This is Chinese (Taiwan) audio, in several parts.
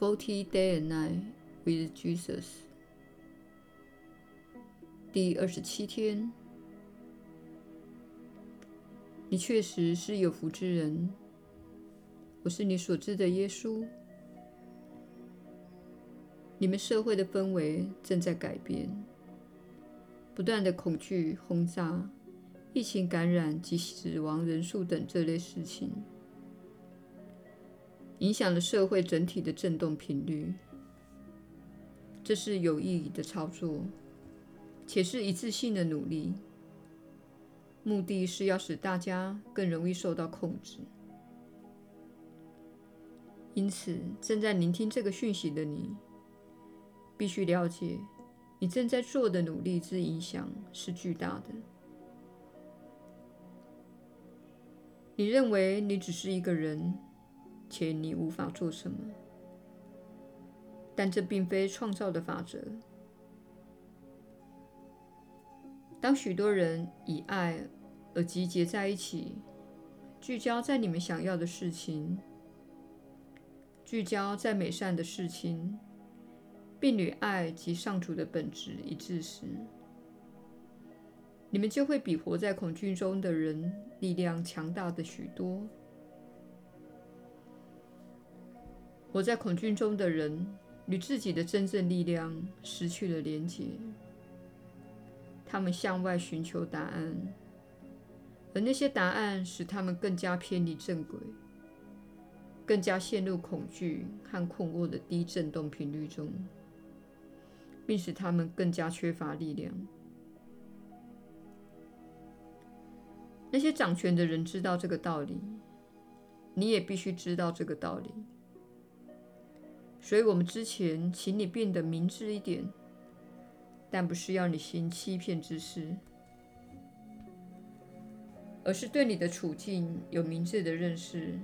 Forty day and night with Jesus。第二十七天，你確實是有福之人。我是你所知的耶穌。你們社會的氛圍正在改變，不斷的恐懼轟炸、疫情感染及死亡人數等這類事情。影響了社會整體的振動頻率，這是有意義的操作，且是一致性的努力。目的是要使大家更容易受到控制。因此，正在聆聽這個訊息的你，必須了解你正在做的努力之影響是巨大的。你認為你只是一個人，且你無法做什麼，但這並非創造的法則。當許多人以愛而集結在一起，聚焦在你們想要的事情，聚焦在美善的事情，並與愛及上主的本質一致時，你們就會比活在恐懼中的人力量強大的許多。活在恐懼中的人與自己的真正力量失去了連結，他們向外尋求答案，而那些答案使他們更加偏離正軌，更加陷入恐懼和困惑的低振動頻率中，並使他們更加缺乏力量。那些掌權的人知道這個道理，你也必須知道這個道理。所以我們之前，請你變得明智一點，但不是要你行欺騙之事，而是對你的處境有明智的認識，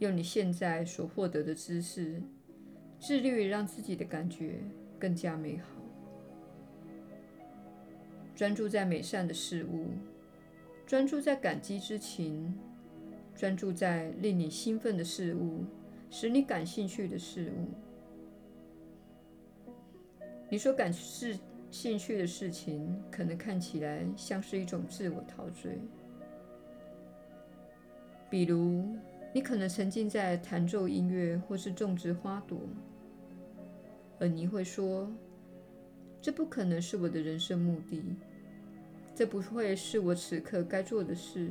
用你現在所獲得的知識，致力於讓自己的感覺更加美好，專注在美善的事物，專注在感激之情，專注在令你興奮的事物。使你感興趣的事物，你所感是興趣的事情，可能看起來像是一種自我陶醉。比如，你可能沉浸在彈奏音樂或是種植花朵，而你會說：“這不可能是我的人生目的，這不會是我此刻該做的事，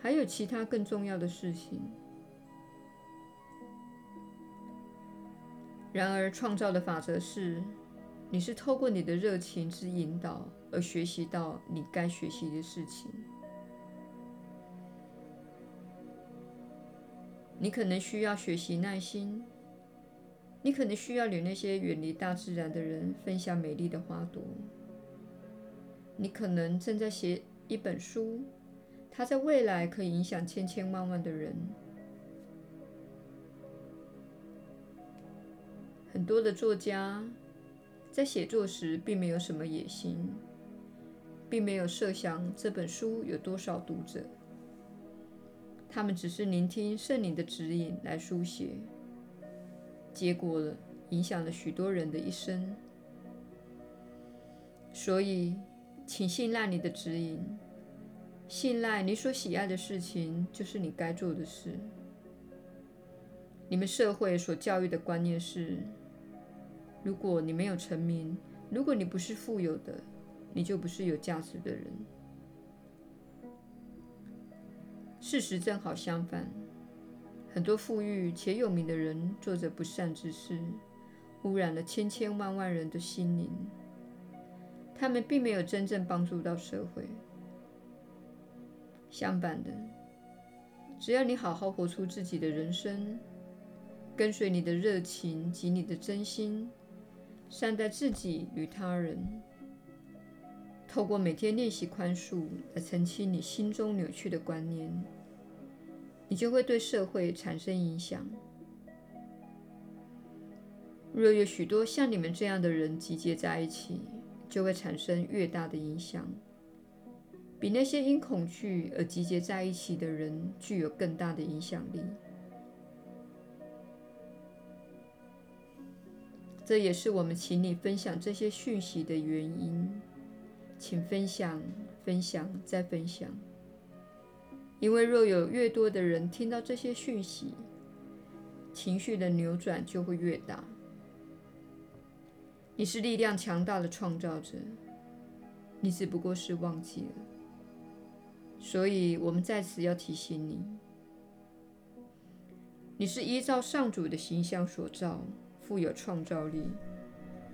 還有其他更重要的事情。”然而，創造的法則是，你是透過你的熱情之引導而學習到你該學習的事情。你可能需要學習耐心，你可能需要與那些遠離大自然的人分享美麗的花朵。你可能正在寫一本書，它在未來可以影響千千萬萬的人。很多的作家在寫作時並沒有什麼野心，並沒有設想這本書有多少讀者。他們只是聆聽聖靈的指引來書寫，結果影響了許多人的一生。所以，請信賴你的指引，信賴你所喜愛的事情就是你該做的事。你們社會所教育的觀念是。如果你沒有成名，如果你不是富有的，你就不是有價值的人。事實正好相反，很多富裕且有名的人做着不善之事，污染了千千萬萬人的心靈。他們並沒有真正幫助到社會。相反的，只要你好好活出自己的人生，跟隨你的熱情及你的真心。善待自己與他人，透過每天練習寬恕來澄清你心中扭曲的觀念，你就會對社會產生影響。若有許多像你們這樣的人集結在一起，就會產生越大的影響，比那些因恐懼而集結在一起的人具有更大的影響力。這也是我們請你分享這些訊息的原因，請分享、分享再分享，因為若有越多的人聽到這些訊息，情勢的扭轉就會越大。你是力量強大的創造者，你只不過是忘記了，所以我們在此要提醒你：你是依照上主的形象所造。富有創造力，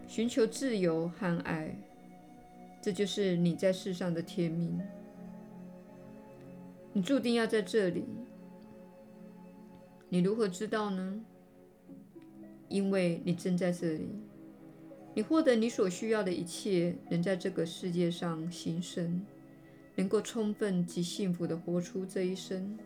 尋求自由和愛，這就是你在世上的天命。你注定要在這裡。你如何知道呢？因為你正在這裡。你獲得你所需要的一切，能在這個世界上興盛，能夠充分及幸福地活出這一生。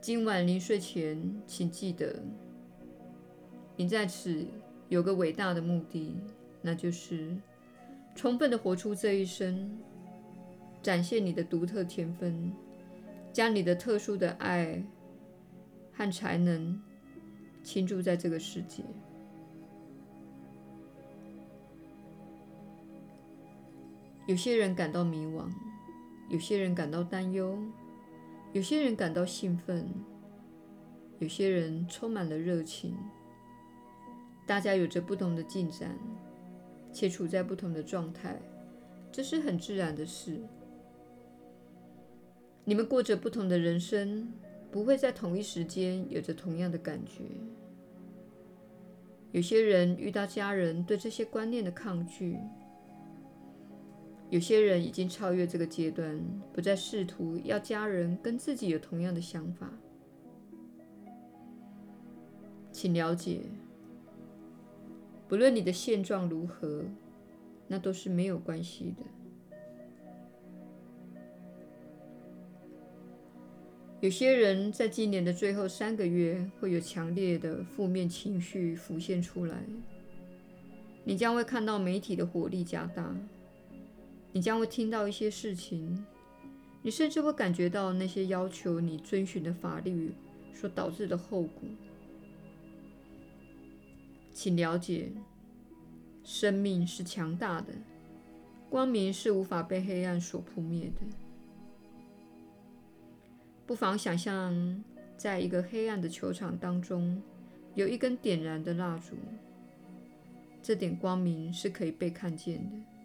今晚臨睡前，請記得，你在此有個偉大的目的，那就是充分地活出這一生，展現你的獨特天分，將你的特殊的愛和才能傾注在這個世界。有些人感到迷惘，有些人感到擔憂。有些人感到興奮，有些人充滿了熱情，大家有着不同的進展，且處在不同的狀態，這是很自然的事。你們過着不同的人生，不會在同一時間有着同樣的感覺。有些人遇到家人對這些觀念的抗拒。有些人已經超越這個階段，不再試圖要家人跟自己有同樣的想法。請了解，不論你的現狀如何，那都是沒有關係的。有些人在今年的最後三個月會有強烈的負面情緒浮現出來，你將會看到媒體的火力加大。你將會聽到一些事情，你甚至會感覺到那些要求你遵循的法律所導致的後果。請了解，生命是強大的，光明是無法被黑暗所撲滅的。不妨想象，在一個黑暗的球場當中，有一根點燃的蠟燭，這點光明是可以被看見的。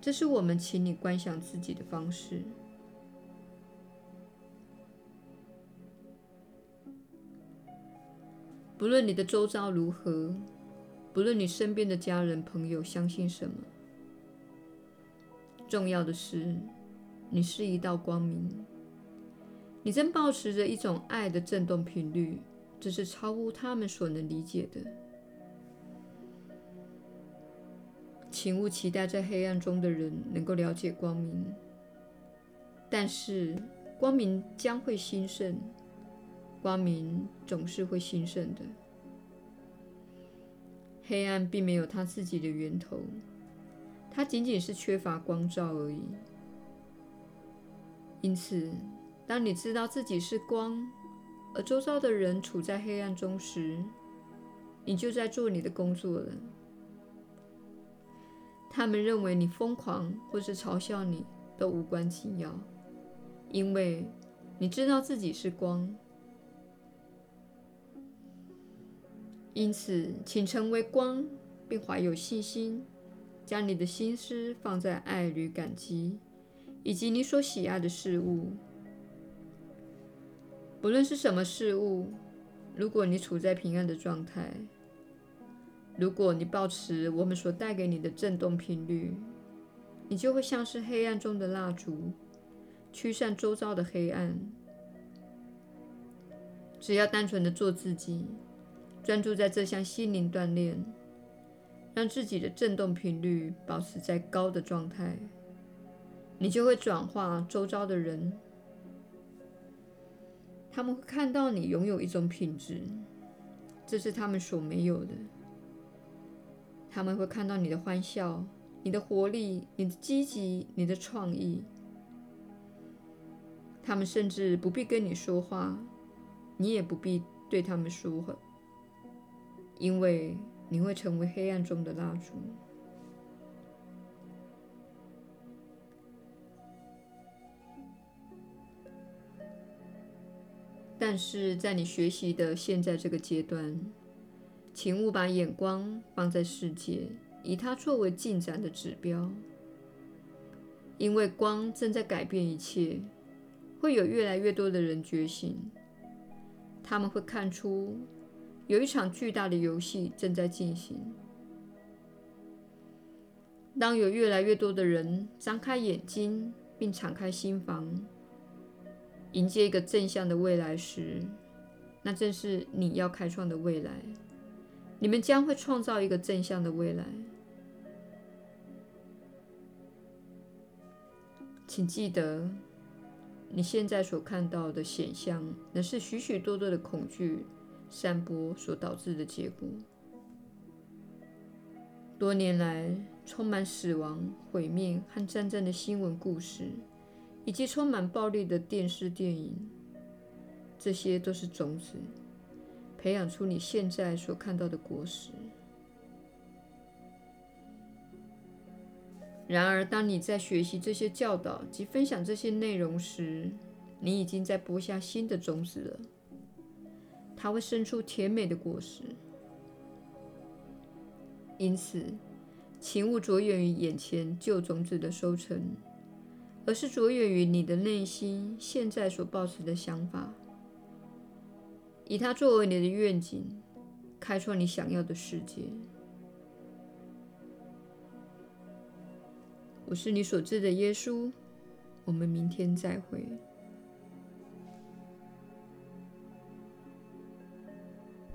這是我們請你觀想自己的方式。不論你的周遭如何，不論你身邊的家人朋友相信什麼，重要的是，你是一道光明。你正抱持着一種愛的振動頻率，這是超乎他們所能理解的。請勿期待在黑暗中的人能夠了解光明，但是光明將會興盛光明總是會興盛的。黑暗並沒有它自己的源頭，它僅僅是缺乏光照而已。因此，當你知道自己是光，而周遭的人處在黑暗中時，你就在做你的工作了。他們認為你瘋狂或是嘲笑你都無關緊要，因為你知道自己是光。因此，請成為光，並懷有信心，將你的心思放在愛與感激，以及你所喜愛的事物。不論是什麼事物，如果你處在平安的狀態，如果你抱持我們所帶給你的振動頻率，你就會像是黑暗中的蠟燭，驅散周遭的黑暗。只要單純地做自己，專注在這項心靈鍛煉，讓自己的振動頻率保持在高的狀態，你就會轉化周遭的人。他們會看到你擁有一種品質，這是他們所沒有的。他們會看到你的歡笑、你的活力、你的積極、你的創意。他們甚至不必跟你說話，你也不必對他們說話，因為你會成為黑暗中的蠟燭。但是在你學習的現在這個階段。請勿把眼光放在世界，以它作為進展的指標，因為光正在改變一切。會有越來越多的人覺醒，他們會看出有一場巨大的遊戲正在進行。當有越來越多的人張開眼睛並敞開心房，迎接一個正向的未來時，那正是你要開創的未來。你們將會創造一個正向的未來。請記得，你現在所看到的顯相，乃是許許多多的恐懼散播所導致的結果。多年來，充滿死亡、毀滅和戰爭的新聞故事，以及充滿暴力的電視電影，這些都是種子。培養出你現在所看到的果實。然而，當你在學習這些教導及分享這些內容時，你已經在播下新的種子了。它會生出甜美的果實。因此，請勿着眼於眼前舊種子的收成，而是着眼於你的內心現在所抱持的想法。以他作為你的願景，開創你想要的世界。我是你所知的耶穌。我們明天再會。